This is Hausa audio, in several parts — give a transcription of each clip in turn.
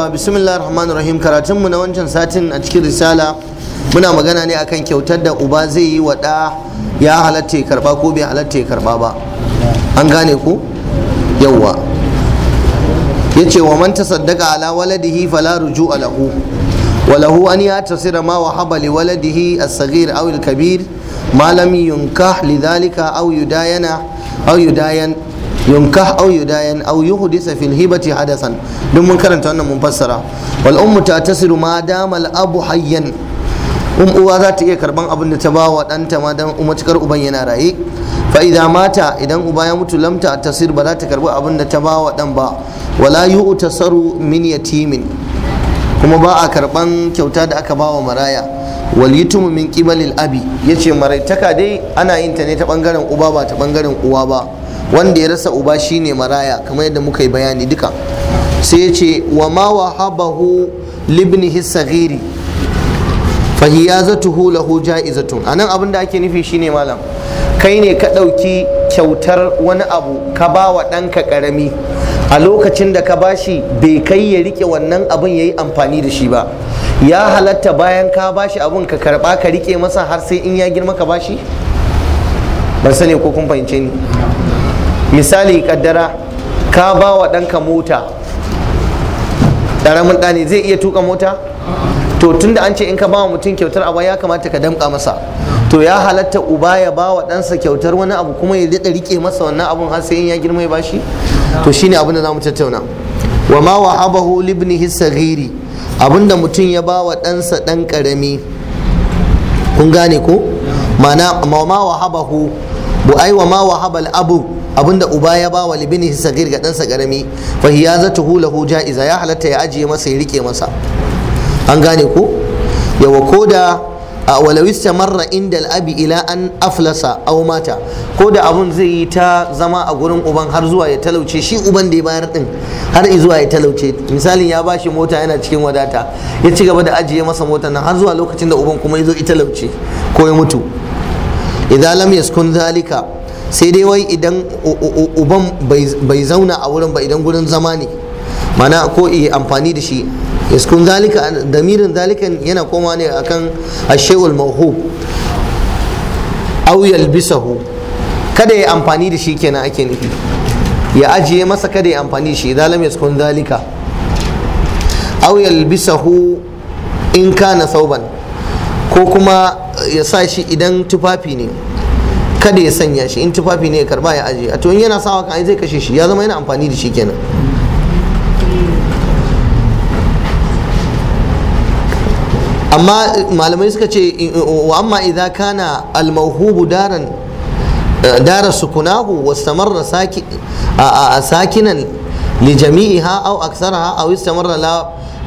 ba bismillah rahman rahim karatunmu na wancan satin a cikin risala muna magana ne akan kyautar da uba zai yi wa ɗa ya halatta ya karba ko bai halatta ya karba ba an gane ku yawwa ya ce wa man tasaddaqa ala waladihi fala ruju'a lahu wa lahu an yatasira ma wahaba li waladihi as-saghir aw al-kabir ma lam yunkah lidhalika aw yudayana aw yudayan yunka aw yudayan aw yuhdisa fil hibati hadasan duk mun karanta wannan mun fassara wal ummu tatasiru ma dama al abu hayyan um uwa za ta iya karban abin da ta ba wa ɗanta ma dan umatukar uban yana raye fa idan mata idan uba ya mutu lamta tasir ba za ta karbi abin da ta ba wa ɗan ba wala yu'u min yatimin kuma ba a karban kyauta da aka ba wa maraya wal yitumu min qibalil abi yace maraitaka dai ana yin ta ne ta bangaren uba ba ta bangaren uwa ba wanda ya rasa uba shine maraya kamar yadda muka yi bayani duka sai ya ce wa ma wa wahabahu libnihi saghiri fahiyazatuhu lahu ja'izatun anan abin da ake nufi shine malam kai ne ka ɗauki kyautar wani abu ka ba wa ɗanka ƙarami a lokacin da ka bashi bai kai ya rike wannan abin ya yi amfani da shi ba ya halatta bayan ka bashi abin ka karɓa ka rike masa har sai in ya girma ka bashi ban sani ko kun fahimce ni misali kaddara ka ba wa ɗanka mota ƙaramin ɗani zai iya tuka mota to tunda an ce in ka ba wa mutum kyautar abu ya kamata ka damƙa masa to ya halatta uba ya ba wa ɗansa kyautar wani abu kuma ya daɗa riƙe masa wannan abun har sai ya girma ya bashi to shine abin da za mu tattauna wa ma wa abahu libnihi saghiri abinda mutum ya ba wa ɗansa ɗan ƙarami kun gane ko ma'ana ma wa habahu bu ai wa ma wa habal abu abinda uba ya ba wa libini sagir ga ɗansa ƙarami zata hula hujja ja'iza ya halatta ya ajiye masa ya rike masa an gane ko yawa ko da a walawista istamarra inda al'abi ila an aflasa au mata ko da abun zai yi ta zama a gurin uban har zuwa ya talauce shi uban da ya bayar din har zuwa ya talauce misalin ya bashi mota yana cikin wadata ya ci gaba da ajiye masa mota nan har zuwa lokacin da uban kuma ya zo ya talauce ko ya mutu idan lam yaskun zalika sai dai wai idan uban bai zauna a wurin ba idan gurin zama ne mana ko iya amfani da shi iskun zalika damirin zalikan yana koma ne akan ashewul mahu au yalbisahu kada ya amfani da shi kenan ake nufi ya ajiye masa kada ya amfani da shi zalim iskun zalika au yalbisahu in kana sauban ko kuma ya sa shi idan tufafi ne kada ya sanya shi in tufafi ne ya karba ya aje a to in yana sawa kan zai kashe shi ya zama yana amfani da shi kenan amma malamai suka ce wa amma idza kana al-mawhubu daran dara sukunahu wastamarra saki sakinan li jami'iha aw aktharaha aw istamarra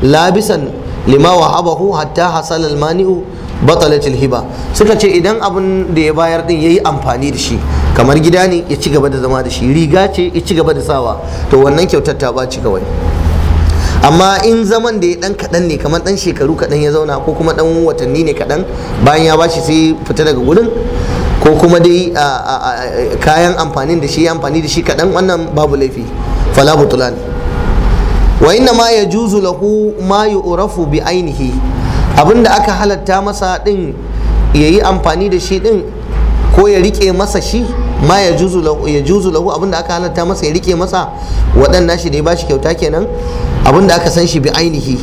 labisan lima wahabahu hatta hasala al-mani'u batalatil hiba suka ce idan abun da ya bayar din yayi amfani da shi kamar gida ne ya ci gaba da zama da shi riga ce ya ci gaba da sawa to wannan kyautar ta ci kawai amma in zaman da ya dan kaɗan ne kamar dan shekaru kaɗan ya zauna ko kuma dan watanni ne kaɗan bayan ya bashi sai fita daga gurin ko kuma dai kayan amfanin da shi ya amfani da shi kadan wannan babu laifi fala butulan wa inna ma yajuzu lahu ma yu'rafu bi ainihi abin da aka halatta masa din ya yi amfani da shi din ko ya rike masa shi ma ya juzu lahu abin da aka halatta masa ya rike masa waɗannan shi ne ba shi kyauta kenan abin da aka san shi bi ainihi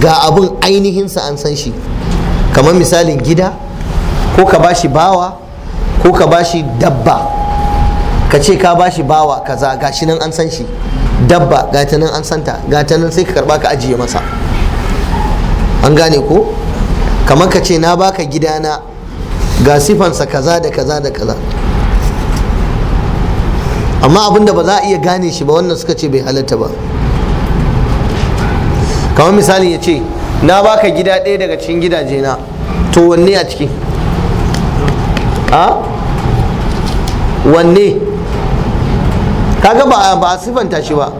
ga abin ainihinsa an san shi kamar misalin gida ko ka ba shi bawa ko ka ba shi dabba ka ce ka ba shi bawa kaza shi nan an san shi dabba gata nan an santa ta, nan sai ka karba ka ajiye masa an gane ko kamar ka ce na baka gidana ga sifansa kaza da kaza da kaza amma abinda ba za a iya gane shi ba wannan suka ce bai halatta ba kamar misali ya ce na baka gida ɗaya daga cikin gidaje na to wanne a ciki a wanne kaga ba a sifanta shi ba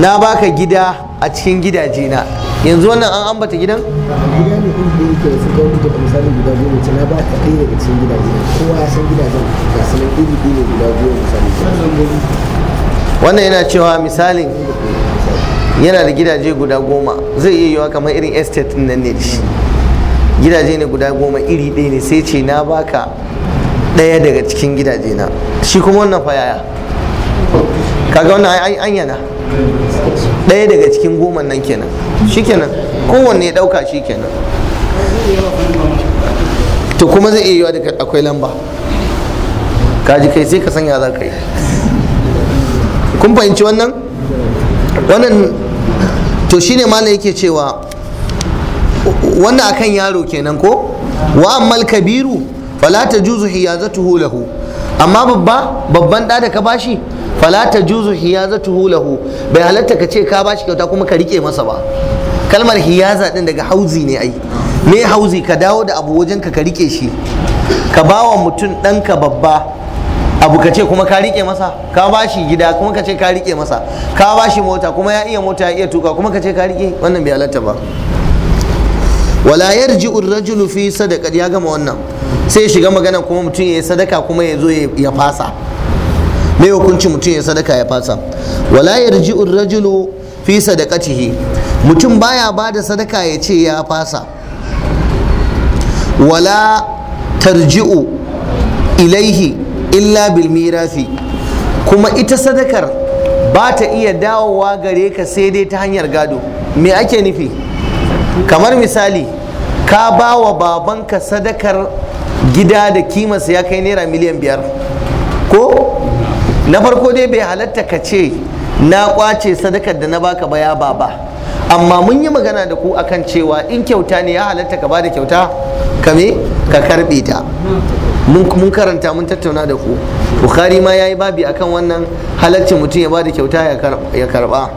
na baka gida a cikin gidaje na yanzu wannan an ambata gidan gida ne kuma inda yake su kawo wani da misalin guda goma ce na ba ka ɗaya daga cikin gidaje kowa ya san gidajen ga su nan iri iri guda biyu misali wannan yana cewa misalin yana da gidaje guda goma zai iya yiwa kamar irin estate nan ne shi gidaje ne guda goma iri ɗaya ne sai ce na baka ɗaya daga cikin gidaje na shi kuma wannan fa yaya kaga wannan an yana ɗaya daga cikin goma nan kenan shikenan kowanne ya ɗauka shikenan to kuma zai iya yiwa da akwai lamba kaji kai sai ka sanya za ka yi kun fahimci wannan wannan to shine malam yake cewa wannan akan yaro kenan ko wa ammal kabiru fala tajuzu hiyazatuhu lahu amma babba babban ɗa da ka bashi fala ta juzu tuhu lahu bai halatta ka ce ka bashi kyauta kuma ka rike masa ba kalmar hiyaza din daga hauzi ne ai me hauzi ka dawo da abu wajen ka rike shi ka bawa mutum ɗanka babba abu ka ce kuma ka rike masa ka bashi gida kuma ka ce ka rike masa ka bashi mota kuma ya iya mota ya iya tuka kuma ka ce ka rike wannan bai halatta ba wala yarji ar-rajulu fi sadaqa ya gama wannan sai shiga magana kuma mutum ya yi sadaka kuma ya zo ya fasa mai hukunci mutum ya sadaka ya fasa wala yarji'u rajulu fi sadaqatihi mutum baya ba da sadaka ya ce ya fasa wala tarji'u ilaihi illa bil mirafi kuma ita sadakar ba ta iya dawowa gare ka sai dai ta hanyar gado me ake nufi kamar misali ka ba wa babanka sadakar gida da kimarsa ya kai naira miliyan biyar ko na farko dai bai halatta ka ce na kwace sadakar da na baka baya ba amma mun yi magana da ku akan cewa in kyauta ne ya halatta ka bada kyauta ka me ka karbe ta mun karanta mun tattauna da ku bukhari ma yayi babi akan wannan halaccin mutum ya bada kyauta ya karba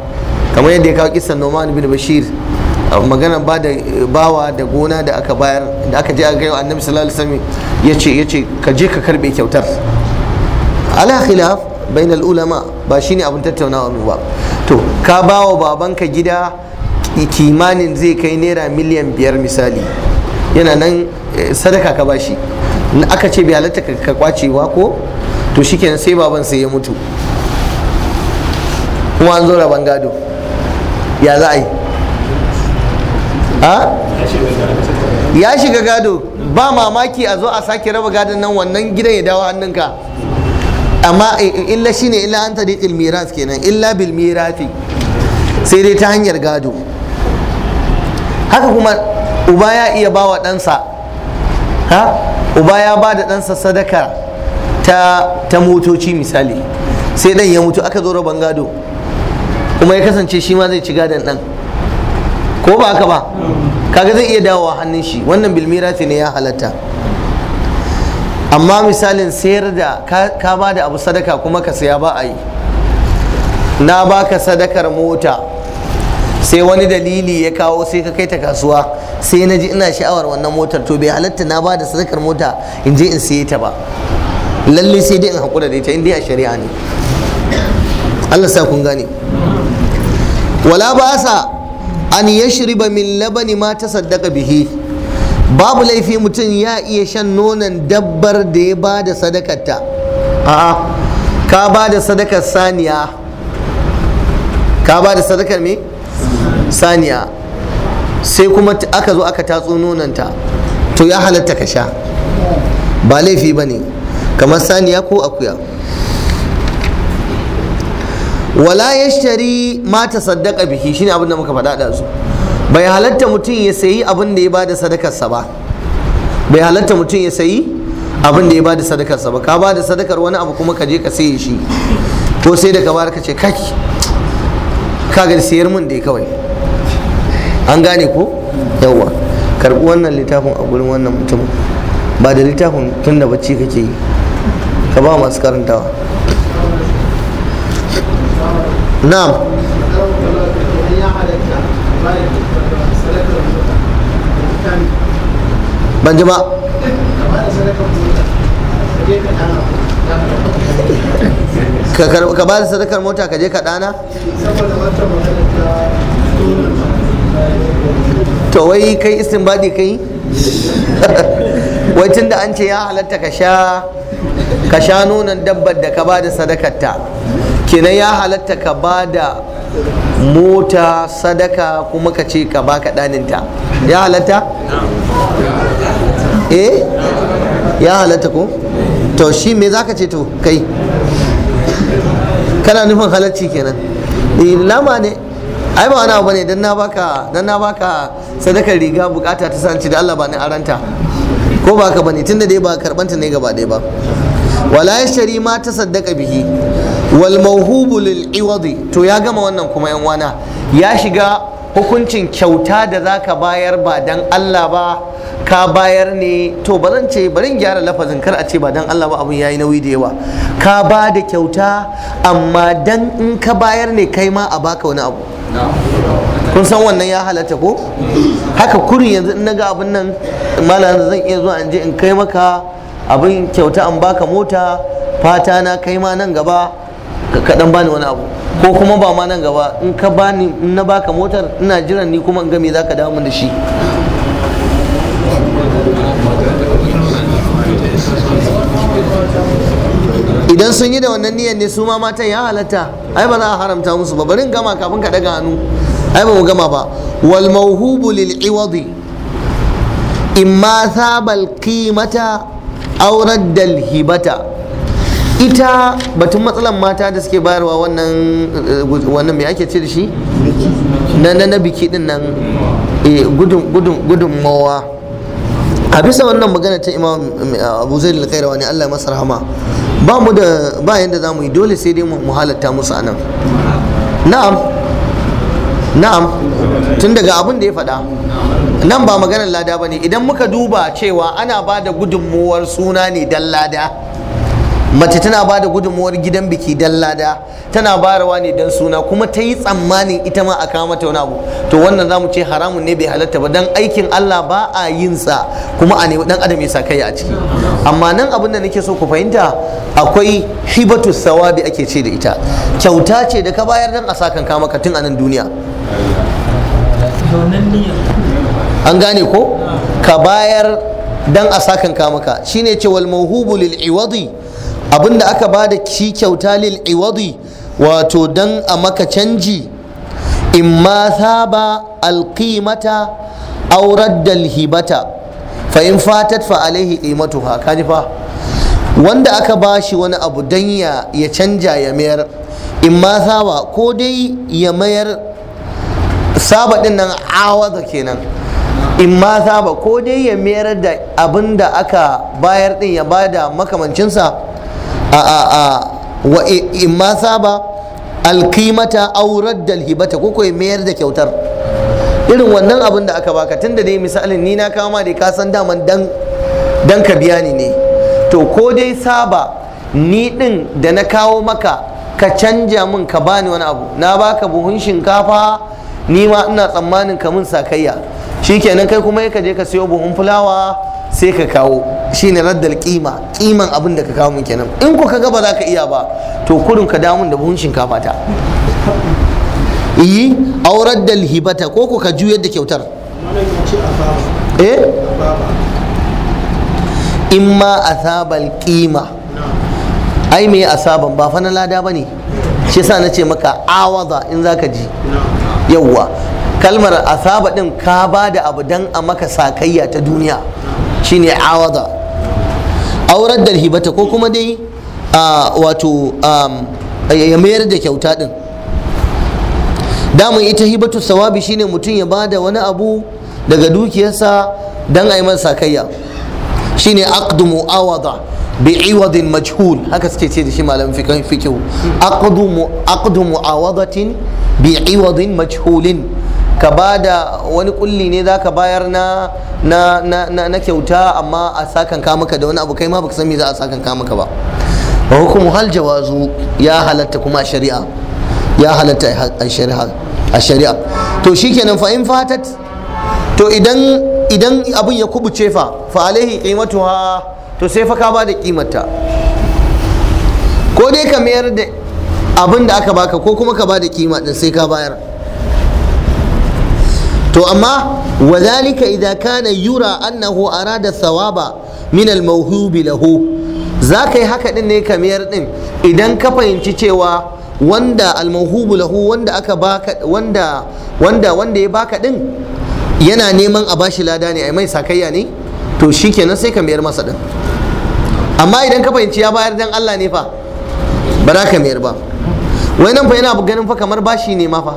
kamar yadda ya kawo kisan Noman bin Bashir magana ba da bawa da gona da aka bayar da aka je aka gaiwa annabi sallallahu alaihi wasallam yace yace ka je ka karbe kyautar ala khilaf bainal ulama ba shine abin tattaunawa mu ba to ka bawa babanka gida kimanin zai kai naira miliyan biyar misali yana nan eh, sadaka ka bashi aka ce bi halatta ka kwacewa ko to shikenan sai baban sai ya mutu kuma an zo rabon gado ya za a yi ya shiga gado ba mamaki a zo a sake raba gadon nan wannan gidan ya dawo hannunka amma eh, eh, illa shine illa an tariqil miras kenan illa bil mirafi sai dai ta hanyar gado haka kuma uba ya iya ba ɗansa ha uba ya ba da ɗansa sadaka ta, motoci misali sai ɗan ya mutu aka zo rabon gado kuma ya kasance shi ma zai ci gadon ɗan ko ba haka ba kaga zai iya dawowa hannun shi wannan bilmirafi ne ya halatta amma misalin sayar da ka ba da abu sadaka kuma ka saya ba a yi na baka sadakar mota sai wani dalili ya kawo sai ka kai ta kasuwa sai na ji ina sha'awar wannan motar to bai halatta na ba da sadakar mota in je in siye ta ba lalle sai dai in haƙura da ita in dai shari'a ne Allah sa kun gane wala ba sa an yashriba min labani ma ta sadaka bihi babu laifi mutum ya iya shan nonon dabbar da ya ba da sadakarta a ka ba da sadakar saniya ka ba da sadakar me saniya sai kuma aka zo aka tatso nononta to ya halatta ka sha ba laifi ba ne kamar saniya ko akuya wala ya shari mata saddaka shine abin da muka faɗaɗa su. bai halatta mutum ya sayi abin da ya bada sadakarsa ba bai halatta mutum ya sayi abin da ya bada sadakarsa ba ka bada sadakar wani abu kuma ka je ka saye shi ko sai da ka ka ce kai ka ga sayar mun dai kawai an gane ko yawa karbi wannan littafin a gurin wannan mutum ba da littafin tun da bacci kake yi ka ba masu karantawa na'am ban ji ba ka ba da sadakar mota ka je ka dana to wai kai ne kai wai tun da an ce ya halatta ka sha ka sha nonon dabbar da ka ba da sadakarta kenan ya halatta ka ba da mota sadaka kuma ka ce ka baka daninta ya halatta? eh ya halatta ko? to shi me za ka ce to kai kana nufin halarci kenan lama eh, ne ai ba wani abu ne don na baka na sadakar riga bukata ta sanci da Allah ba ni aranta ko ba ka bane tunda dai ba karbanta ne gaba ɗaya ba wala shari ma saddaka bihi wal mawhubu lil iwadi to ya gama wannan kuma yan wana ya shiga hukuncin kyauta da zaka bayar ba dan Allah ba ka bayar ne to zan ce barin gyara lafazin kar a ce ba dan Allah ba abun yayi nauyi da yawa ka ba da kyauta amma dan in ka bayar ne kai ma a baka wani abu kun san wannan ya halatta ko haka kurin yanzu in naga abin nan malam zan iya zuwa in je in kai maka abin kyauta an baka mota fata na kai ma nan gaba kaɗan bani wani abu ko kuma ba ma nan gaba in ka bani in na baka motar ina jiran ni kuma in ga me ka dawo min da shi idan sun yi da wannan niyyar ne su ma matan ya halatta ai ba za a haramta musu ba bari gama kafin ka daga hannu ai ba mu gama ba wal mawhubu lil iwadi imma thabal qimata aurar dalhibata ita batun matsalan mata da suke bayarwa wannan wannan mai ake ce da shi na na biki din nan eh, gudun mawa a bisa wannan magana ta imam eh, abu zai lalkaira ne, allah ya masa rahama ba mu da ba yadda za mu yi dole sai dai mu halatta musu anan na'am na'am tun daga abin da ya faɗa nan ba maganar lada ba ne idan muka duba cewa ana ba da gudunmuwar suna ne dan lada mace tana ba da gudunmuwar gidan biki dan lada tana barawa ne dan suna kuma ta yi tsammanin ita ma a kawo mata wani abu to wannan zamu ce haramun ne bai halatta ba dan aikin Allah ba a yin sa kuma a nemi dan adam ya sa kai a ciki amma nan abin da nake so ku fahimta akwai hibatu sawabi ake ce da ita kyauta ce da ka bayar dan a sakan ka maka tun a nan duniya an gane ko ka bayar dan a sakanka maka shine ce wal mawhubu lil iwadi abinda aka bada shi kyauta lil iwadi wato dan a maka canji in ma saba alqimata aw radda hibata fa in fatat fa alaihi qimatuha kaji fa wanda aka bashi wani abu dan ya canja ya mayar in ma saba ko dai ya mayar saba din nan awaza kenan in ma saba ko dai ya mayar da abin da aka bayar din ya bada makamancinsa a a a wa in ma saba alkimata aurar da hibata ko ko mayar da kyautar irin wannan abin da aka baka tunda dai misalin ni na kama dai ka san daman dan dan ka biya ni ne to ko dai saba ni din da na kawo maka ka canja min ka bani wani abu na baka buhun shinkafa ni ma ina tsammanin ka mun sakayya shikenan kai kuma ka je ka siyo buhun fulawa sai ka kawo shine raddal kima kiman abin da ka kawo min kenan in ku kaga ba za ka iya ba to kurin ka damun da buhun shinkafa ta yi aurar da lihibata. ko ku ka juyar da kyautar eh? ma a asabal kima ai me asaban ba fa na lada bane shi na nace maka awaza in za ka ji yawwa kalmar asaba din ka ba da abu dan a maka sakayya ta duniya shine awada aurar da hibata ko kuma dai wato ya mayar da kyauta din damun ita hibatu sawabi shine mutum ya bada wani abu daga dukiyarsa dan a yi masa sakayya shine aqdu Haka suke ce هكذا سكيتي دي شمال في فيكو أقدم أقدم معاوضة بعوض majhulin ka ba da wani kulli ne za ka bayar na na kyauta amma a sakan ka maka da wani abu kai ma baka san me za a sakan ka maka ba wa hukumu hal jawazu ya halatta kuma shari'a ya halatta a shari'a a shari'a to shikenan fa in fatat to idan idan abin ya kubuce fa fa alaihi qimatuha to sai fa ka ba da kimarta ko dai ka mayar da abin da aka baka ko kuma ka ba da kima din sai ka bayar to amma wa zalika kana yura annahu arada thawaba min al-mawhubi lahu za ka yi haka din ne kamar din idan ka fahimci cewa wanda al lahu wanda aka baka wanda wanda wanda ya baka din yana neman a bashi lada ne ai mai sakayya ne to shikenan sai ka mayar masa din amma idan ka fahimci ya bayar dan Allah ne fa ba za ka mayar ba wai nan fa yana ganin fa kamar bashi ne ma fa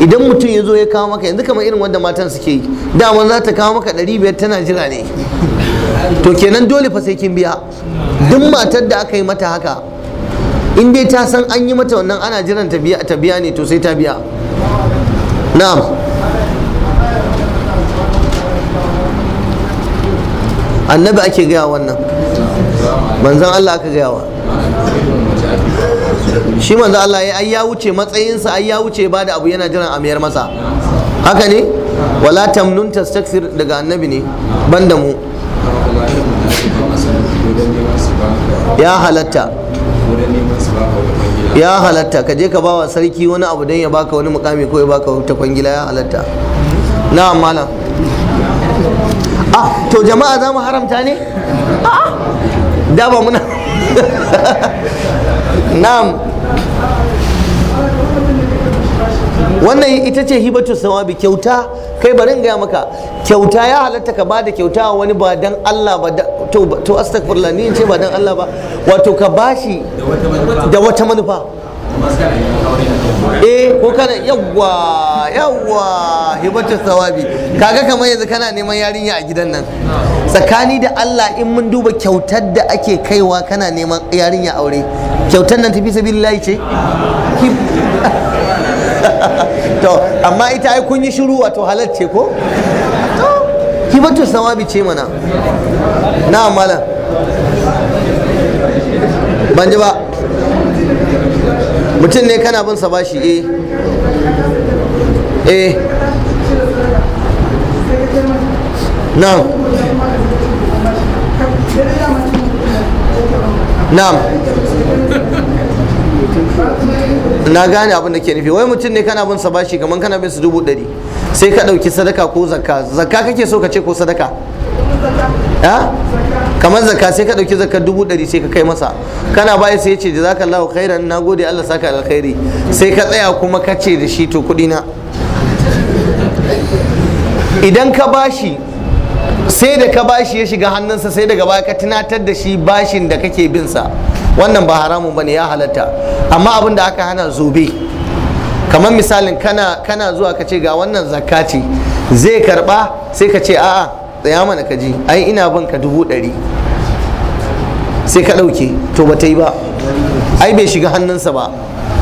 idan mutum ya zo ya kawo maka yanzu kamar irin wanda matan suke yi dama za ta kawo maka ɗari biyar tana jira ne to kenan dole fa sai kin biya duk matar da aka yi mata haka in dai ta san an yi mata wannan ana jiran ta biya ne to sai ta biya na'am annabi ake gaya wannan manzon Allah aka gaya wa shi manzo Allah ya ai ya wuce matsayinsa ai ya wuce ba da abu yana jiran amiyar masa haka ne wala tamnun tastakfir daga annabi ne banda mu ya halatta ya halatta ka je ka bawa sarki wani abu dan ya baka wani mukami ko ya baka ta kwangila ya halatta na malam ah to jama'a za mu haramta ne ah da ba muna na'am wannan ita ce hibatu sawabi kyauta kai barin gaya maka kyauta ya halatta ka bada kyauta wa wani ba dan Allah ba to to astaghfirullah ni ce ba dan Allah ba wato ka bashi da wata manufa eh ko kana yawwa yawwa hibatu sawabi kaga kamar yanzu kana neman yarinya a gidan nan tsakani da Allah in mun duba kyautar da ake kaiwa kana neman yarinya aure kyautar nan tafi sabilillahi ce to amma ita ai kun yi shiru wato halal ce ko to hibatu sawabi ce mana na malam ban ji ba mutum ne kana bin sa bashi eh eh na'am na'am na gane abin da ke nufi wai mutum ne kana bin sa bashi kamar kana bin su dubu ɗari sai ka ɗauki sadaka ko zakka zakka kake so ka ce ko sadaka kamar zakka sai ka ɗauki zakka dubu ɗari sai ka kai masa kana baya sai ce da zaka lau khairan na gode Allah saka alkhairi sai ka tsaya kuma ka ce da shi to kuɗi na idan ka bashi sai da ka bashi ya shiga hannunsa sai daga baya ka tunatar da shi bashin da kake bin sa wannan ba haramun bane ya halatta amma abin da aka hana zobe kamar misalin kana kana zuwa ka ce ga wannan zakka zai karba sai ka ce a'a tsaya mana ka ai ina bin ka dubu ɗari sai ka ɗauke to ba ta yi ba ai bai shiga hannunsa ba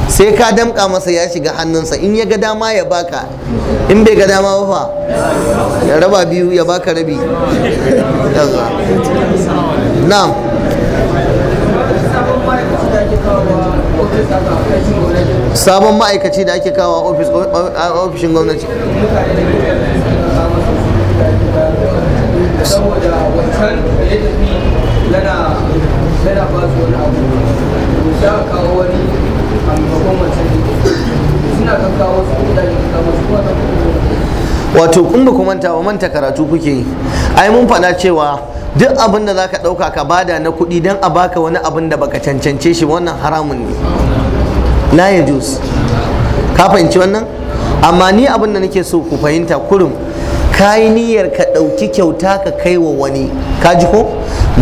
sai ka damƙa masa ya shiga hannunsa in ya ga dama ya baka in bai ga dama ba ya raba biyu ya baka rabi na'am sabon ma'aikaci da ake kawo a ofishin gwamnati saboda wancan da ya tafi yana ba su wani abu da a kawo wani wato kun ba manta wa manta karatu kuke yi ai mun faɗa cewa duk abin da zaka ɗauka ka bada na kuɗi don a baka wani abin da baka cancance shi wannan haramun ne na ya jus ka fahimci wannan amma ni abin da nake so ku fahimta kurum ka niyyar ka ɗauki kyauta ka kai wa wani ka ji ko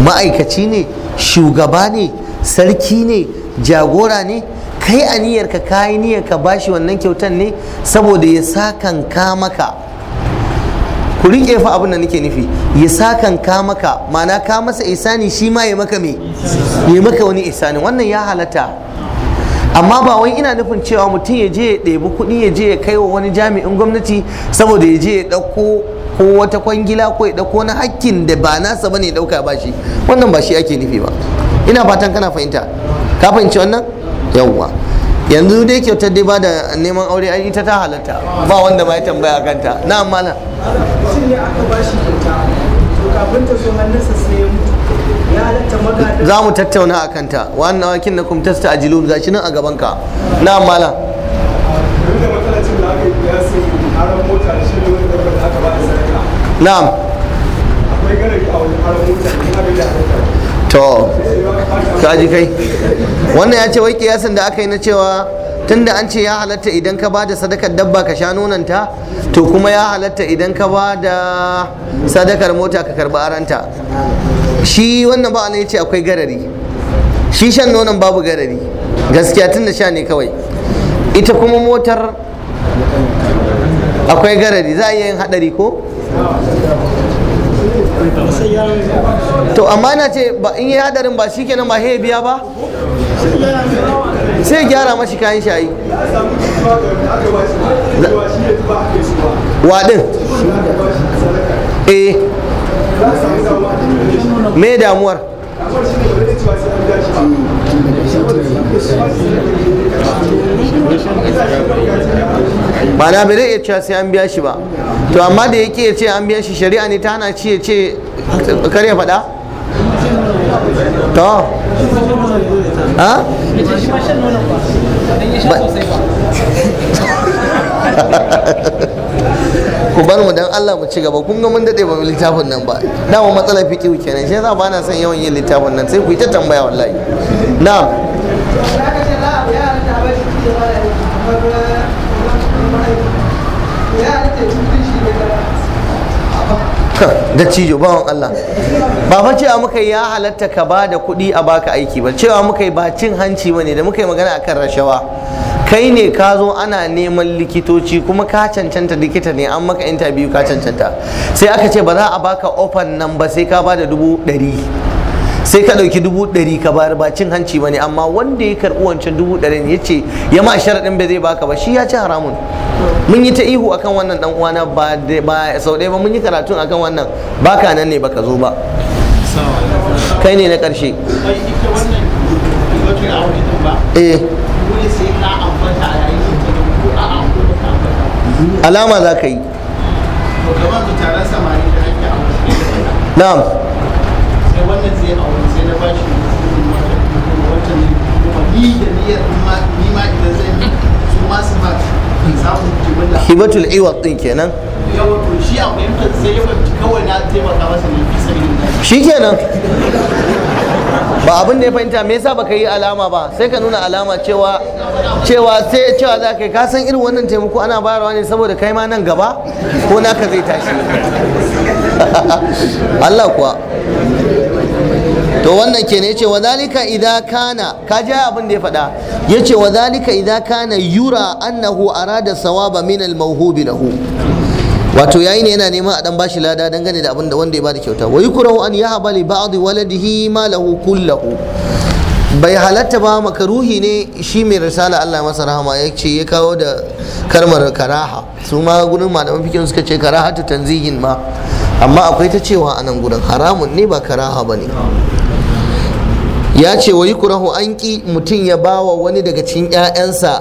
ma'aikaci ne shugaba ne sarki ne jagora ne kai aniyar ka kayi niyyar ka bashi wannan kyautan ne saboda ya ka maka ku riƙe fa abin da nake nufi ya ka maka ma'ana ka masa isani shi ma ya maka me ya maka wani isani wannan ya halatta amma ba wai ina nufin cewa mutum ya je ya ɗebi kuɗi ya je ya kai wa wani jami'in gwamnati saboda ya je ya ɗauko ko wata kwangila ko ya ɗauko na hakkin da ba nasa bane ya ɗauka ba wannan ba shi ake nufi ba ina fatan kana fahimta ka fahimci wannan yawwa yanzu dai kyautar dai ba da neman aure ai ita ta halatta ba wanda ma ya tambaya kanta na amma na za mu tattauna a kanta wannan wakil na kuma tasta a za shi nan a gaban ka na amma na na'am akwai to kaji kai wannan ya ce wai kiyasin da aka yi na cewa tunda an ce ya halatta idan ka ba da sadakar dabba ka sha nonanta to kuma ya halatta idan ka ba da sadakar mota ka karbi aranta shi wannan ba ya ce akwai garari shi shan nonon babu garari gaskiya tunda sha ne kawai ita kuma motar akwai garari za a iya yin hadari ko to amma na ce in yi hadarin ba shi kenan ba biya ba sai gyara mashi kayan shayi waɗin eh me damuwar ba na bai iya cewa sai an biya shi ba to amma da yake ya ce an biya shi shari'a ne ta hana ci ya ce kar ya faɗa ku bar mu dan Allah mu ci gaba kun ga mun dade ba littafin nan ba dama matsalar fiqh kenan shi za ba na son yawan yin littafin nan sai ku ta tambaya wallahi na'am da cijo bawan Allah ba fa cewa muka ya halatta ka ba da kuɗi a baka aiki ba cewa muka ba cin hanci bane da muka yi magana kan rashawa kai ne ka zo ana neman likitoci kuma ka cancanta likita ne an maka interview ka cancanta sai aka ce ba za a baka ofan nan ba sai ka ba da dubu ɗari sai ka ɗauki dubu ɗari ka bayar ba cin hanci bane amma wanda ya karɓi wancan dubu ne ya ce ya ma sharaɗin ba zai baka ba shi ya ci haramun mun yi ta ihu akan wannan dan uwana ba ba sau ba mun yi karatun akan wannan baka nan ne baka zo ba kai ne na ƙarshe eh alama za ka yi na'am wannan zai na bashi hibatul iwat din kenan shi kenan ba abin da ya fahimta me yasa baka yi alama ba sai ka nuna alama cewa cewa sai cewa za ka yi ka san irin wannan taimako ana bayarwa ne saboda kai ma nan gaba ko naka zai tashi Allah kuwa to wannan ke ne ce wadhalika idza kana ka ji abin da ya faɗa yace wadhalika idza kana yura annahu arada sawaba min al-mawhubi lahu wato yayi ne yana neman a dan bashi lada dangane da abin da wanda ya bada kyauta wa yukrahu an yahaba li ba'd waladihi ma lahu kullahu bai halatta ba makaruhi ne shi mai risala Allah masa rahama ya ce ya kawo da karmar karaha su ma gurin malaman fikin suka ce ta tanzihin ma amma akwai ta cewa a nan gudun haramun ne ba karaha ba ne ya ce wa yi kurahu an ƙi mutum ya bawa wani daga cikin 'ya'yansa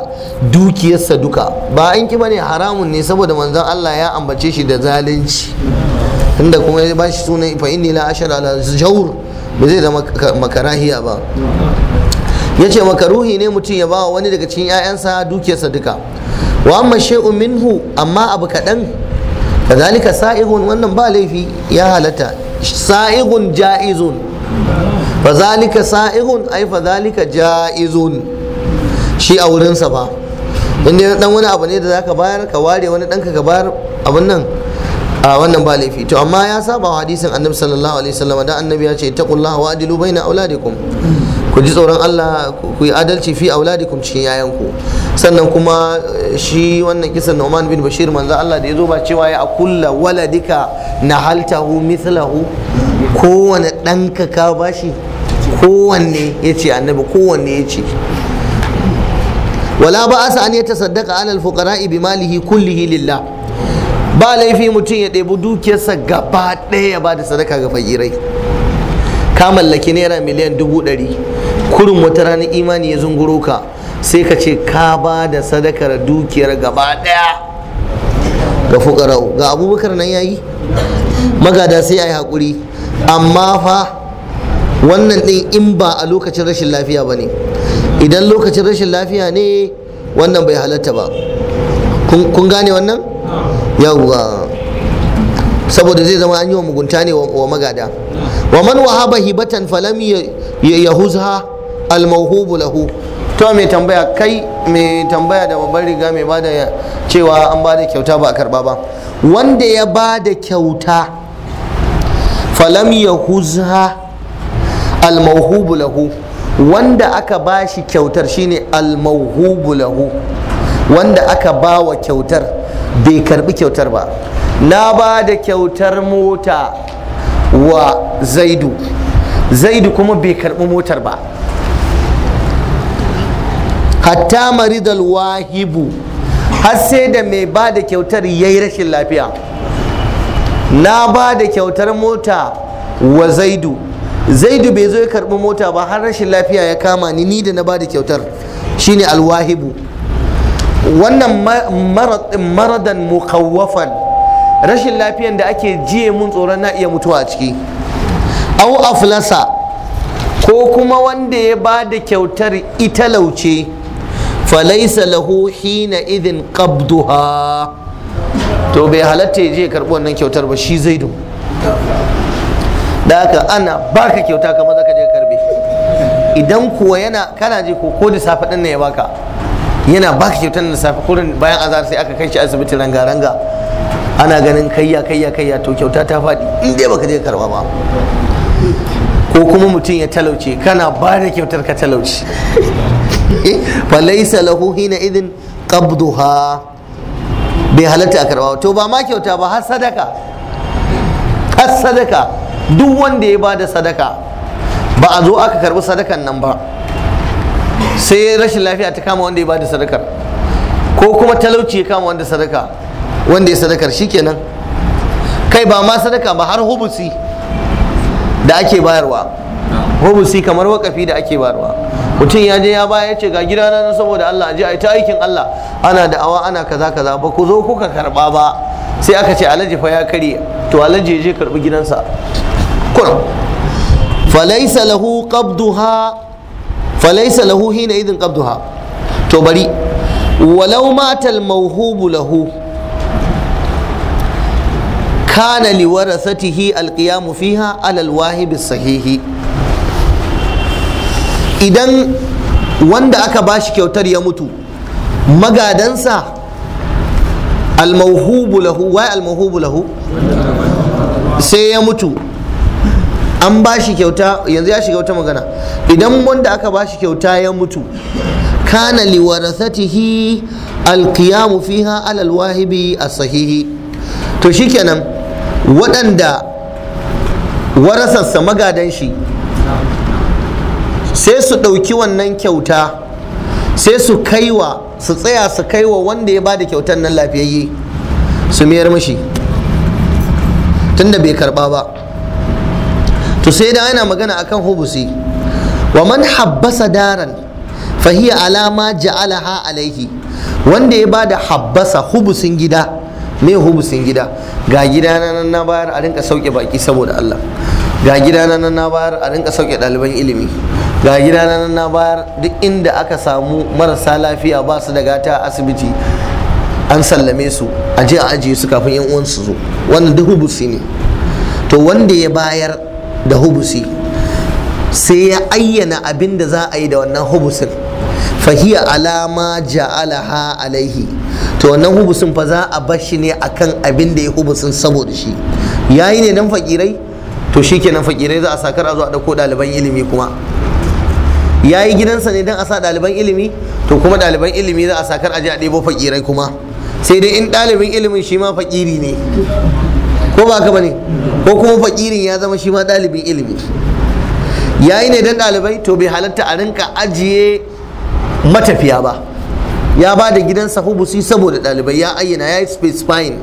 dukiyarsa duka ba an ƙi bane haramun ne saboda manzon Allah ya ambace shi da zalunci inda kuma ya ba shi sunan fa inni la ashara la ba zai zama makarahiya ba ya ce makaruhi ne mutum ya bawa wani daga cikin 'ya'yansa dukiyarsa duka wa amma shay'un minhu amma abu kaɗan kazalika sa'ihun wannan ba laifi ya halatta sa'ihun ja'izun Fazalika sa'ihun ai fa ja'izun shi a wurinsa ba inda dan wani abu ne da zaka bayar ka ware wani danka ka bayar abun nan a wannan ba laifi to amma ya saba wa hadisin annabi sallallahu alaihi wasallam da annabi ya ce taqullaha wa adilu baina auladikum ku ji tsoron Allah ku yi adalci fi auladikum cikin yayanku sannan kuma shi wannan kisan Nu'man bin Bashir manzo Allah da yazo ba cewa ya kulla waladika nahaltahu mithlahu kowane danka ka bashi kowanne ya ce annabi kowanne ya ce wala ba asa an ya tasaddaka alal alfukara ibi malihi kullihi lillah ba laifi mutum ya ɗebi dukiyarsa gaba ɗaya ya ba da sadaka ga fakirai ka mallaki naira miliyan dubu ɗari kurin wata ranar imani ya zunguro ka sai ka ce ka ba da sadakar dukiyar gaba ɗaya ga fukarau ga abubakar nan yayi magada sai ya yi haƙuri amma fa wannan ɗin in ba a lokacin rashin lafiya ba ne idan lokacin rashin lafiya ne wannan bai halatta ba kun gane wannan yawwa saboda zai zama an yi wa mugunta ne wa magada wa man wahaba hibatan falam yahuzha almawhubu lahu to mai tambaya kai mai tambaya da babban riga mai bada cewa an bada kyauta ba a karba ba wanda ya bada kyauta falam yahuzha al lahu wanda aka ba shi kyautar shine almahubulahu lahu wanda aka ba wa kyautar bai karbi kyautar ba na ba da kyautar mota wa zaidu zaidu kuma bai karbi motar ba hatta maridal wahibu har sai da mai ba da kyautar ya yi rashin lafiya na ba da kyautar mota wa zaidu zaidu bai zo ya karbi mota ba har rashin lafiya ya kama ni ni da na bada kyautar shine alwahibu wannan maradan mukawwafan rashin lafiyan da ake jiye mun tsoron na iya mutuwa a ciki au aflasa ko kuma wanda ya ba da kyautar lauce falaisa lahu hina idin kabduha. to bai halatta ya je karbi wannan kyautar ba shi zaidu da haka ana baka kyauta kamar zaka je karbe idan kuwa yana kana je ko ko da safe din ne ya baka yana baka kyautar da safe ko bayan azar sai aka kai shi asibiti ranga ranga ana ganin kayya kayya kayya to kyauta ta faɗi in dai baka je karba ba ko kuma mutum ya talauce kana ba da kyautar ka talauce eh, fa laysa lahu hina idin qabduha bai halatta a karba to ba ma kyauta ba har sadaka har sadaka duk wanda ya bada sadaka ba a zo aka karbi sadakan nan ba sai rashin lafiya ta kama wanda ya bada sadakar ko kuma talauci ya kama wanda sadaka wanda ya sadakar shikenan kai ba ma sadaka ba har hubusi da ake bayarwa hubusi kamar wakafi da ake bayarwa mutum ya je ya baya ya ce ga gidana na saboda Allah aje yi ta aikin Allah ana awa ana kaza kaza ba ku zo kuka karba ba sai aka ce alaji fa ya kare to alaji ya je karbi gidansa kurum falaisa lahu qabduha falaisa lahu hina idin to bari walau mauhubu lahu kana liwarasatihi alqiyamu fiha alal wahibi sahihi idan wanda aka bashi kyautar ya mutu magadansa wai almauhubu sai ya mutu an ba shi kyauta yanzu ya shiga wata magana idan wanda aka ba shi kyauta ya mutu kana liwarasatihi alqiyamu fiha alalwa hibi as-sahihi to shikenan waɗanda warasarsa magadan shi sai su ɗauki wannan kyauta sai su kaiwa su tsaya su kaiwa wanda ya bada kyautar nan lafiyayye su mayar mashi tunda bai karɓa ba to sai da yana magana akan hubusi wa man habbasa daran fahiya alama ja'alaha alaihi wanda ya bada habbasa hubusin gida me hubusin gida ga gida nan na bayar a rinka sauke baki saboda Allah ga gida nan na bayar a rinka sauke ɗaliban ilimi ga gida nan na bayar duk inda aka samu marasa lafiya ba su da gata a asibiti an sallame su a je a ajiye su kafin yan uwansu zo wannan duk hubusi ne to wanda ya bayar da hubusi sai ya ayyana abin da za a yi da wannan hubusin fahiya alama ha alaihi to wannan hubusin fa za a bar shi ne akan abin da ya hubusin saboda shi yayi ne dan fakirai to shikenan fakirai za a kar a zo a dauko daliban ilimi kuma yayi gidansa ne dan a sa daliban ilimi to kuma daliban ilimi za a kar a je a debo fakirai kuma sai dai in ɗalibin ilimin shi ma fakiri ne ko ba ka bane ko kuma fakirin ya zama shi ma dalibin ilimi yi ne don dalibai to bai halatta a rinka ajiye matafiya ba ya ba da gidansa hubusi saboda dalibai ya ayyana ya yi spine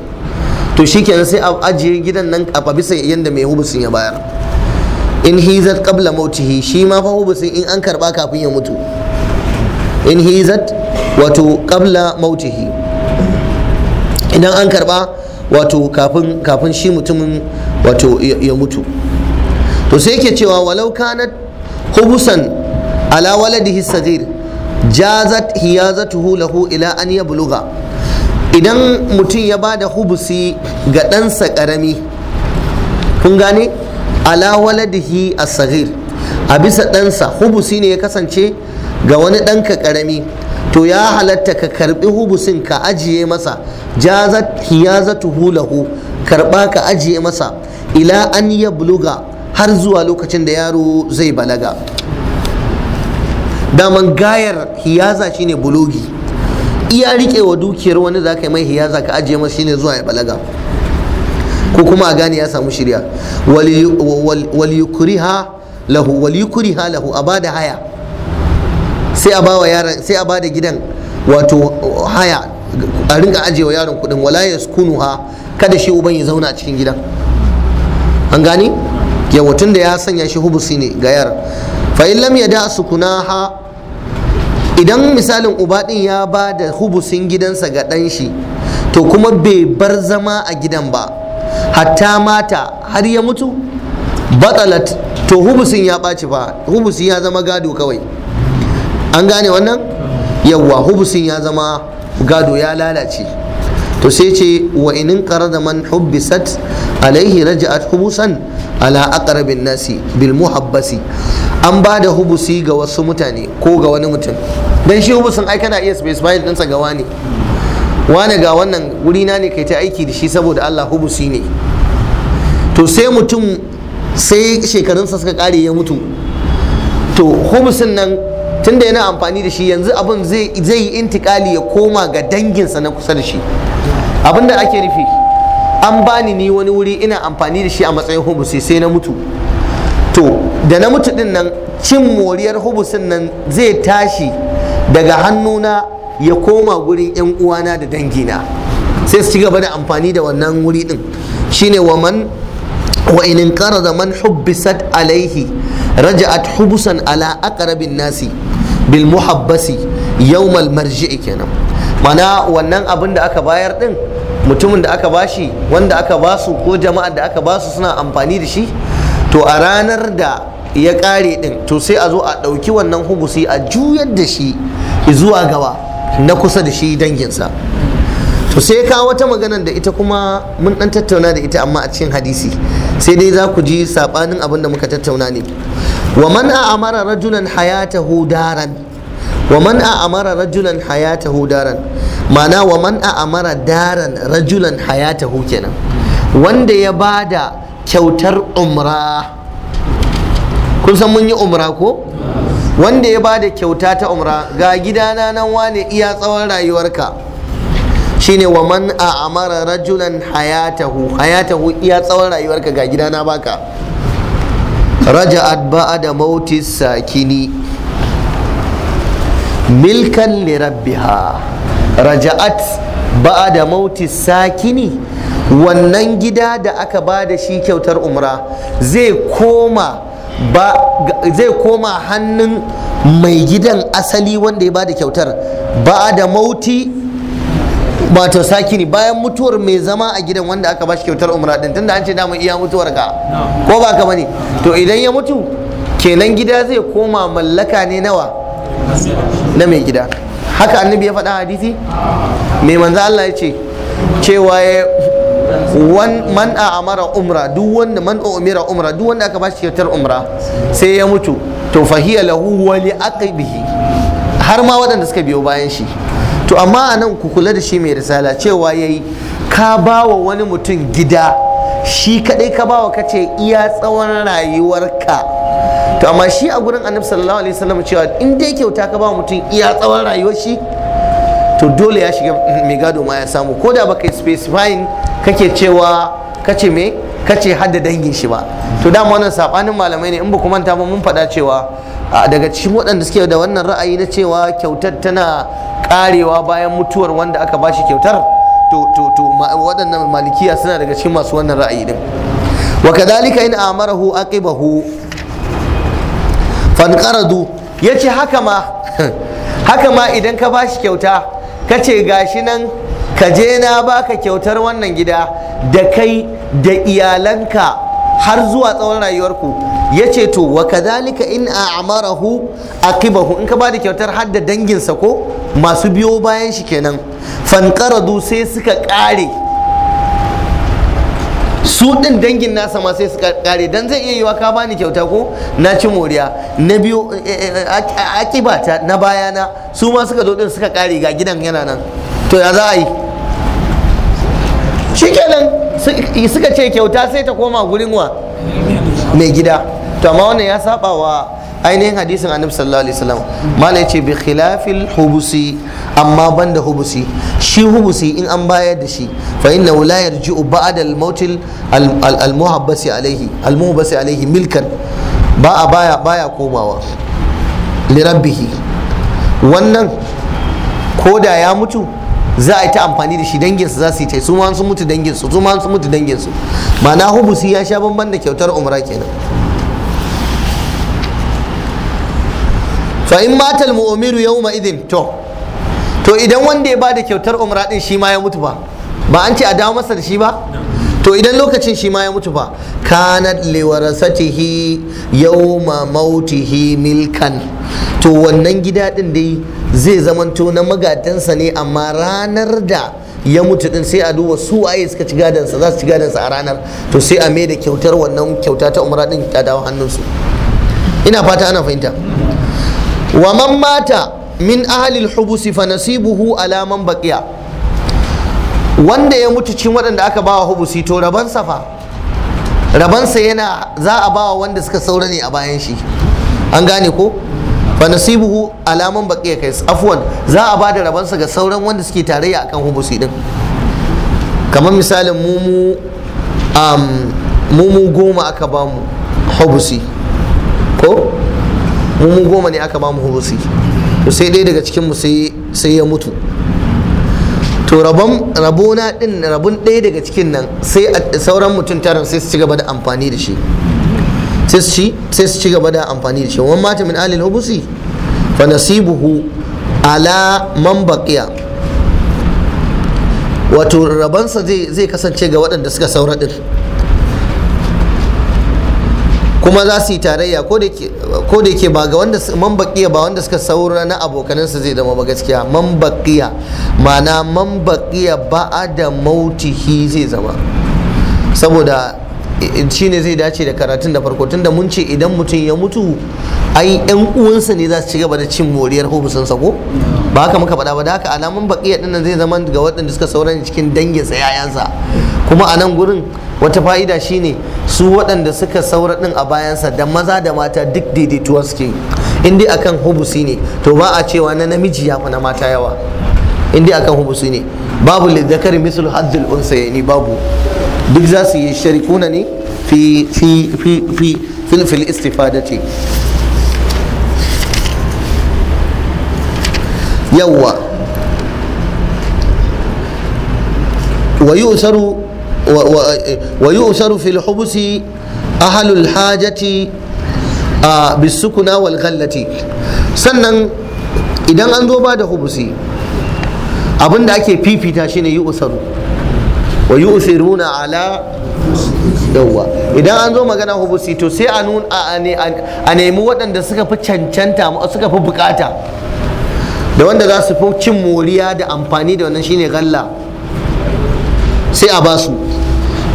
to shi kenan sai a ajiye gidan nan a bisa yadda mai hubusin ya bayar in hizat qabla mautihi shi ma fa hubusin in an karba kafin ya mutu in hizat wato qabla mautihi idan an karba wato kafin kafin shi mutumin wato ya mutu to sai yake cewa walau kanat hubusan ala waladihi sagir jazat hiyazatuhu lahu ila an yabluga idan mutum ya bada hubusi ga ɗansa ƙarami kun gane ala waladihi as sagir a bisa ɗansa hubusi ne ya kasance ga wani ɗanka ƙarami to ya halatta ka karɓi hubusin ka ajiye masa jazat hiyazatuhu lahu karɓa ka ajiye masa ila an ya buluga har zuwa lokacin da yaro zai balaga daman gayar hiyaza shine bulogi iya rike wa dukiyar wani za ka yi mai hiyaza ka ajiye masa shine zuwa ya balaga ko kuma a gane ya samu shirya waliyukuriha lahu waliyukuriha lahu a da haya sai a wa yaran sai a bada gidan wato haya a rinka ajiye wa yaron kudin wala ha? kada shi uban ya zauna a cikin gidan an gani yawatun da ya sanya shi hubusi ne ga yar fa in su yada ha? idan misalin uba ɗin ya ba da hubusin gidansa ga ɗan shi to kuma bai bar zama a gidan ba hatta mata har ya mutu batalat to hubusin ya ɓaci fa hubusin ya zama gado kawai an gane wannan yawwa hubusin ya zama gado ya lalace to sai ce wa inin da man hubbisat alaihi raja'at hubusan ala aqrabin nasi bil muhabbasi an ba da hubusi ga wasu mutane ko ga wani mutum dan shi hubusin ai kana iya space bayan dinsa ga wani wane ga wannan wuri na ne kai ta aiki da shi saboda Allah hubusi ne to sai mutum sai shekarunsa suka kare ya mutu to hubusin nan tunda yana amfani da shi yanzu abin zai yi intikali ya koma ga danginsa na kusa da shi abinda ake nufi an bani ni wani wuri ina amfani da shi a matsayin hubusi sai na mutu to da na mutu din nan cin moriyar hubusin nan zai tashi daga hannuna ya koma gurin 'yan uwana da dangina sai su ci gaba da amfani da wannan wuri din shine wa man wa in qarada man hubbisat alaihi raja'at hubusan ala aqrabin nasi bil muhabbasi yawmal marji'i kenan mana wannan abin da aka bayar din mutumin da aka bashi wanda aka basu ko jama'a da aka basu suna amfani da shi to a ranar da ya kare din to sai a zo a ɗauki wannan hubusi a juyar da shi zuwa gaba na kusa da shi danginsa to sai ka wata maganar da ita kuma mun dan tattauna da ita amma a cikin hadisi sai dai za ku ji sabanin abin da muka tattauna ne wa man a amara rajulan hayatahu daran wa man a amara rajulan hayatahu daran ma'ana wa man a amara daran rajulan hayatahu kenan wanda ya ba da kyautar umra kun san mun yi umra ko wanda ya bada kyauta ta umra ga gidana nan wane iya tsawon rayuwarka Shi ne wa man a amara rajulan hayata hayatahu iya tsawon rayuwarka ga gidana baka raja'at ba'da mautis sakini milkan lirabbiha raja'at da mauti sakini wannan gida da aka ba da shi kyautar umra zai koma ba zai koma hannun mai gidan asali wanda ya ba da kyautar ba da mauti wato sakini bayan mutuwar mai zama a gidan wanda aka ba shi kyautar umra din tunda an ce damu iya mutuwar ka ko ba ka bane to idan ya mutu kenan gida zai koma mallaka ne nawa na mai gida haka annabi ya faɗa hadisi mai manzo Allah ya ce cewa ya man a amara umra duk wanda man a umira umra duk wanda aka bashi kyautar umra sai ya mutu to fahiya lahu wali aqibihi har ma waɗanda suka biyo bayan shi to amma anan ku kula da shi mai risala cewa yayi ka bawa wani mutum gida shi kaɗai ka bawa kace iya tsawon rayuwarka to amma shi a gurin annabi sallallahu alaihi wasallam cewa in dai kyauta ka ba mutum iya tsawon rayuwar shi to dole ya shiga mm, mai gado ma ya samu ko da baka specifying kake cewa kace me kace hadda dangin shi ba to dama wannan sabanin malamai ne in ba kuma manta ba mun faɗa cewa daga cikin waɗanda suke da wannan ra'ayi na cewa kyautar tana karewa bayan mutuwar wanda aka ba shi kyautar to to to waɗannan malikiya suna daga cikin masu wannan ra'ayi din wa kadhalika in amarahu aqibahu fanqaradu yace haka ma haka ma idan ka bashi kyauta ka kace gashi nan ka je na baka kyautar wannan gida da kai da iyalanka har zuwa tsawon rayuwarku ya ce to wa kadhalika in a a'marahu aqibahu in ka ba da kyautar har da danginsa ko masu biyo bayan shi kenan fanqaradu sai suka kare su ɗin dangin nasa ma sai su kare dan zai iya yiwa ka bani kyauta ko na ci moriya na biyu eh, eh, eh, akibata na bayana su ma suka zo din suka kare ga gidan yana nan to ya za a yi shikenan suka ce kyauta sai ta koma gurin wa mai gida to amma wannan ya saba wa ainihin hadisin annabi sallallahu alaihi wasallam mala yace bi khilafil hubusi amma banda hubusi shi hubusi in an bayar da shi fa inna la yarji'u ba'da al mautil al muhabbasi alaihi al muhabbasi alaihi milkan ba a baya baya komawa li rabbihi wannan ko da ya mutu za a yi ta amfani da shi danginsu za su yi ta su ma sun mutu danginsu su ma sun mutu danginsu ma'ana hubusi ya sha bamban da kyautar umra kenan fa in matal mu'miru yawma idin to to idan wanda ya bada kyautar umra din shi ma ya mutu ba ba an ce a dawo masa da shi ba to idan lokacin shi ma ya mutu fa kanat yau yawma mautihi milkan to wannan gida din dai zai zamanto na magadansa ne amma ranar da ya mutu din sai a duba su waye suka ci gadansa za su ci gadansa a ranar to sai a mai da kyautar wannan kyauta ta umra din ta dawo hannun su. ina fata ana fahimta wa man mata min ahalil hubusi fa nasibuhu ala man baqiya wanda ya mutu cikin waɗanda aka ba wa hubusi to rabansa fa rabansa yana za a ba wa wanda suka saura ne a bayan shi an gane ko fa nasibuhu ala man baqiya kai afwan za a ba bada rabansa ga sauran wanda suke tarayya akan hubusi din kamar misalin mumu mumu goma aka ba mu hubusi ko mu goma ne aka ba mu hurusi to sai dai daga cikin mu sai ya mutu to rabon rabona din rabun ɗaya daga cikin nan sai sauran mutum taron sai su ci gaba da amfani da shi sai su ci gaba da amfani da shi wani mata min alil hubusi fa nasibuhu ala man baqiya wato rabansa zai kasance ga waɗanda suka saura din kuma za su yi tarayya ko da ke ba ga wanda mambakiya ba wanda suka saura na abokanansa zai zama ba gaskiya Mambakiya mana ma'ana ba a da mautihi zai zama saboda shi ne zai dace da karatun da farko tunda mun ce idan mutum ya mutu ai yan uwansa ne za su ci gaba da cin moriyar hubusin sa ko ba haka muka faɗa ba da haka alamun baqiya dinnan zai zama ga waɗanda suka saura cikin sa yayansa kuma a nan gurin wata fa'ida shine su waɗanda suka saura ɗin a bayansa da maza da mata duk daidaituwa suke in dai akan hubusi ne to ba a cewa na namiji ya na mata yawa in dai akan hubusi ne babu lidzakari mislu hadzul unsayni babu duk za su yi sharikuna ne fi fi fi fi fil fil istifadati yawwa wa yusaru ويؤثر في الحبس أهل bisukuna Wal والغلة sannan idan an zo ba da hubusi abinda ake fifita shine yi usaru wa yi na ala yauwa idan an zo magana hubusi to sai a nemi waɗanda suka fi cancanta suka fi bukata da wanda za su fi cin moriya da amfani da wannan shine galla sai a basu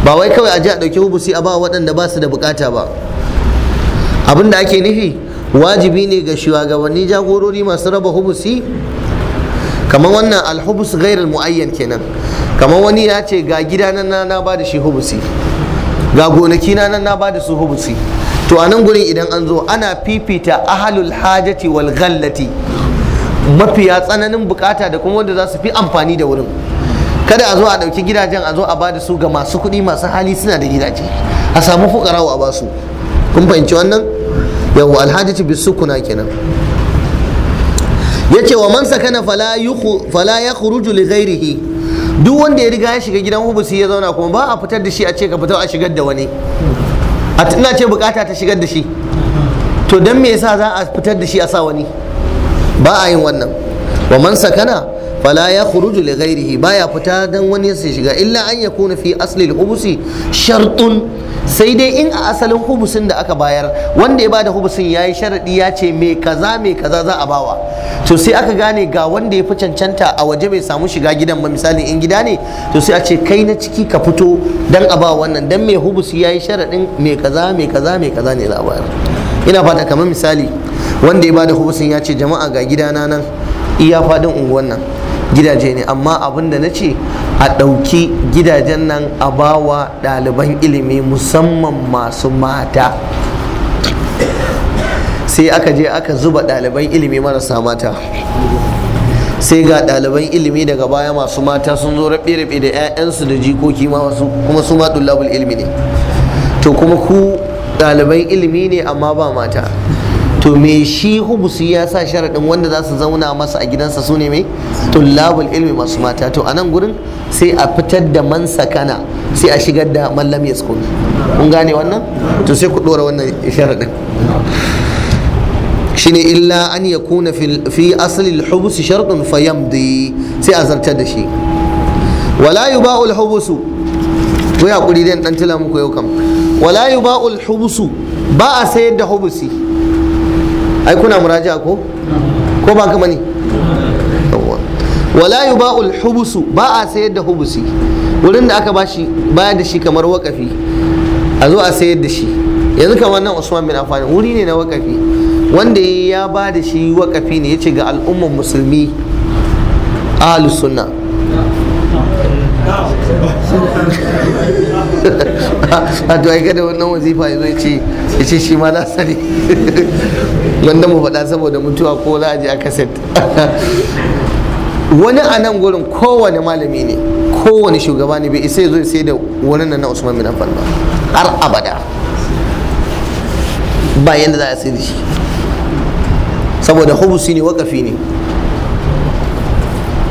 ba wai kawai a ji a ɗauki hubusi a ba waɗanda ba su da bukata ba abin da ake nufi wajibi ne ga shugabanni jagorori masu raba hubusi kamar wannan alhubus gairar mu'ayyan kenan kamar wani ya ce ga gida na na ba da shi hubusi ga gonaki na na ba da su hubusi to a nan gurin idan an zo ana fifita ahalul hajati wal ghallati mafiya tsananin bukata da kuma wanda za su fi amfani da wurin kada a zo a ɗauki gidajen a zo a bada su ga masu kuɗi masu hali suna da gidaje a samu fukarawa a basu kun fahimci wannan yawa alhajjati bisukuna kenan ya ce wa man sakana fala ya khuruju li ghairihi duk wanda ya riga ya shiga gidan hubusi ya zauna kuma ba a fitar da shi a ce ka fitar a shigar da wani a ina ce bukata ta shigar da shi to don me yasa za a fitar da shi a sa wani ba a yin wannan wa man sakana fala ya khuruju li ghairihi baya fita dan wani ya shiga illa an yakuna fi asli al-hubusi shartun sai dai in a asalin hubusin da aka bayar wanda ya bada hubusin yayi sharadi ya ce me kaza me kaza za a bawa to sai aka gane ga wanda ya fi cancanta a waje bai samu shiga gidan ba misali in gida ne to sai a ce kai na ciki ka fito dan a ba wannan dan me hubusi yayi sharadin me kaza me kaza me kaza ne za a bayar ina fata kamar misali wanda ya bada hubusin ya ce jama'a ga gidana nan iya fadin unguwan nan gidaje ne amma abin da na ce a ɗauki gidajen nan a bawa ɗaliban ilimi musamman masu mata sai aka je aka zuba ɗaliban ilimi marasa mata sai ga ɗaliban ilimi daga baya masu mata sun zo rabe-rabe da 'ya'yansu da jikoki kuma su ma ilimi ne to kuma ku ɗaliban ilimi ne amma ba mata to me shi hubusi ya sa sharaɗin wanda za su zauna masa a gidansa su ne mai tullabul ilmi masu mata to a nan gurin sai a fitar da man sakana sai a shigar da mallam ya tsoni kun gane wannan to sai ku ɗora wannan sharaɗin shine illa an ya kuna fi asalin hubusi sharɗin fayamdi sai a zartar da shi wala ba'ul hubusu ku ya kuri dan tila muku yau kam wala ba'ul hubusu ba a sayar da hubusi ai kuna muraja ko ko ba kama ne wala yuba'ul hubusu ba a sayar da hubusi wurin da aka bashi bayar da shi kamar wakafi a zo a sayar da shi yanzu kamar nan Usman bin Afani wuri ne na wakafi wanda ya ba da shi wakafi ne ya ce ga al'ummar musulmi ahlus sunna a to ai kada wannan wazifa yazo ya ce shi ma za sani wanda mu faɗa saboda mutuwa ko za a je a kaset wani a nan gurin kowane malami ne kowane shugaba ne bai isa ya zo sai da wurin nan na usman bin affan ba har abada ba yadda za a sai da shi saboda hubusi ne wakafi ne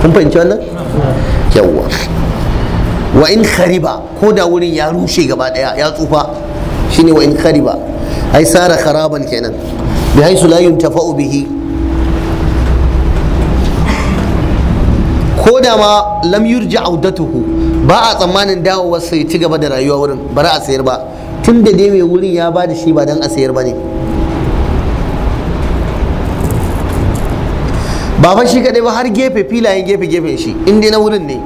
kun fahimci wannan yawwa wa in khariba ko da wurin ya rushe gaba daya ya tsufa shine wa in khariba ai sara kharaban kenan bihai bihaisu la yuntafa'u bihi ko da ma lam ji audatuhu ba a tsammanin dawowar sai ci gaba da rayuwa wurin ba a sayar ba tun da dai mai wurin ya ba da shi ba don a sayar ba ne ba fa shi kadai ba har gefe filayen gefe gefen shi inda na wurin ne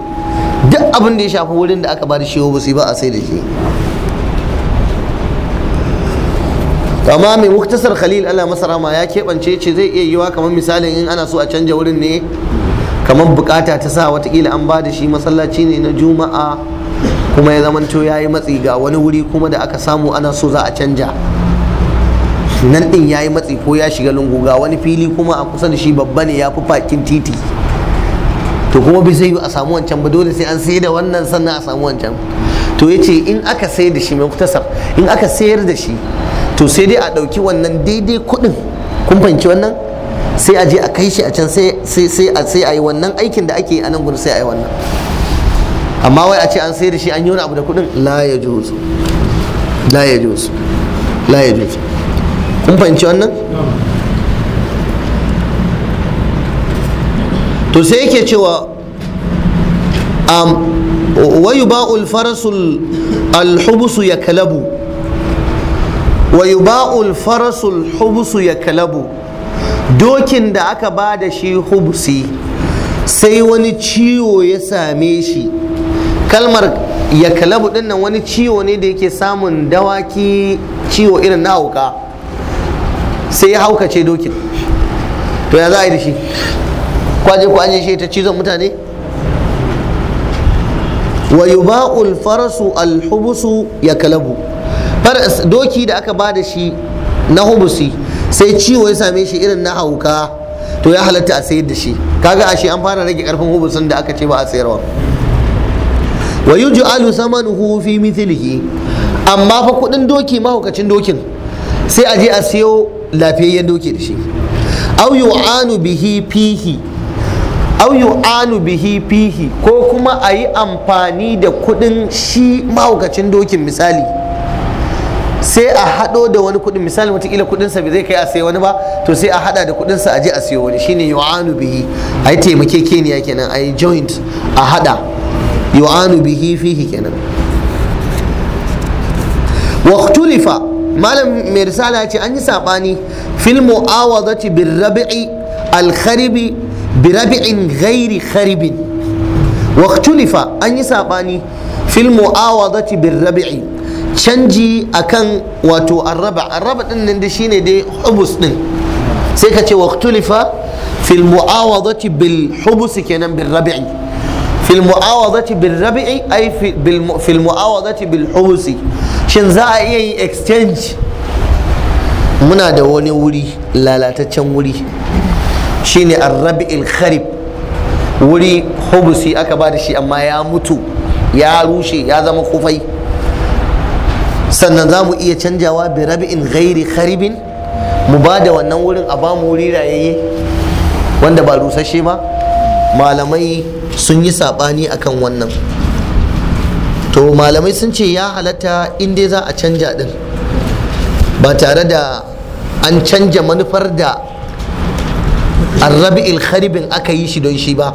duk abin da ya shafi wurin da aka ba da shi ba sai ba a sai da shi amma mai muktasar khalil Allah masara ma ya keɓance ce zai iya yiwa kamar misalin in ana so a canja wurin ne kamar bukata ta sa watakila an ba da shi masallaci ne na juma'a kuma ya zamanto ya yi matsi ga wani wuri kuma da aka samu ana so za a canja nan din ya yi matsi ko ya shiga lungu ga wani fili kuma a kusa da shi babba ne ya fi fakin titi to kuma bai sai a samu wancan ba dole sai an sai da wannan sannan a samu wancan to ya ce in aka sayar da shi mai kutasar in aka sayar da shi to sai dai a ɗauki wannan daidai kuɗin kun fahimci wannan sai a je a kai shi a can sai a yi wannan aikin da ake yi a nan gudu sai a yi wannan amma wai a ce an sai da shi an yi wani abu da kuɗin la ya juzu la ya juzu la ya juzu kun fahimci wannan to sai yake cewa um, wayu ba'ul farasul alhubusu ya kalabu wa yi ba'ul farasul hubusu ya kalabu dokin da aka ba da shi hubusi sai wani ciwo ya same shi kalmar ya kalabu dinnan wani ciwo ne da yake samun dawaki ciwo irin na hauka sai ya haukace dokin to ya za a yi da shi kwaje kwaje shi ta cizon mutane wa yi ba'ul farasu alhubusu ya kalabu doki da aka ba da shi na hubusi sai ciwo ya same shi irin na hauka to ya halatta a sayar da shi kaga ashe an fara rage karfin hubusin da aka ce ba a sayarwa wa yuj'alu samanuhu fi mithlihi amma fa kudin doki mahaukacin dokin sai a je a siyo lafiyayyen doki da shi au yu'anu bihi fihi yu'anu bihi fihi ko kuma a yi amfani da kudin shi mahaukacin dokin misali sai a hado da wani kudin misali watakila sa bai zai kai a sayi wani ba to sai a hada da sa a je a sayo wani shine yu'anu bihi ai taimakekeniya kenan ai joint a hada yu'anu bihi fihi kenan waqtulifa malam mai risala ya ce an yi sabani fil mu'awadati bir rabi'i al kharibi bi rabi'in ghairi kharibin waqtulifa an yi sabani fil mu'awadati bir rabi'i canji akan wato arraba arraba din nan da shine dai hubus din sai ka ce waqtulifa fil mu'awadati bil hubus kenan bil rabi'i fil mu'awadati bil rabi'i ay fil mu'awadati bil hubus shin za a iya yin exchange muna da wani wuri lalataccen wuri shine arrabi'il kharib wuri hubusi aka ba da shi amma ya mutu ya rushe ya zama kufai sannan za mu iya canjawa bi rabi'in ghairi kharibin mu ba da wannan wurin a bamu wuri rayayye wanda ba rusashe ba malamai sun yi saɓani akan wannan to malamai sun ce ya halatta inda za a canja din ba tare da an canja manufar da arrabi'il kharibin aka yi shi don shi ba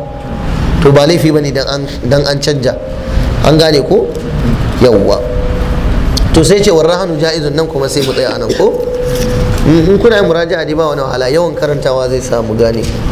to ba laifi ba ne don an canja an gane ko yawwa to sai ce warrahanu ja'izun nan kuma sai mu tsaya nan ko in kuna muraja'a ba wani wahala yawan karantawa zai samu gane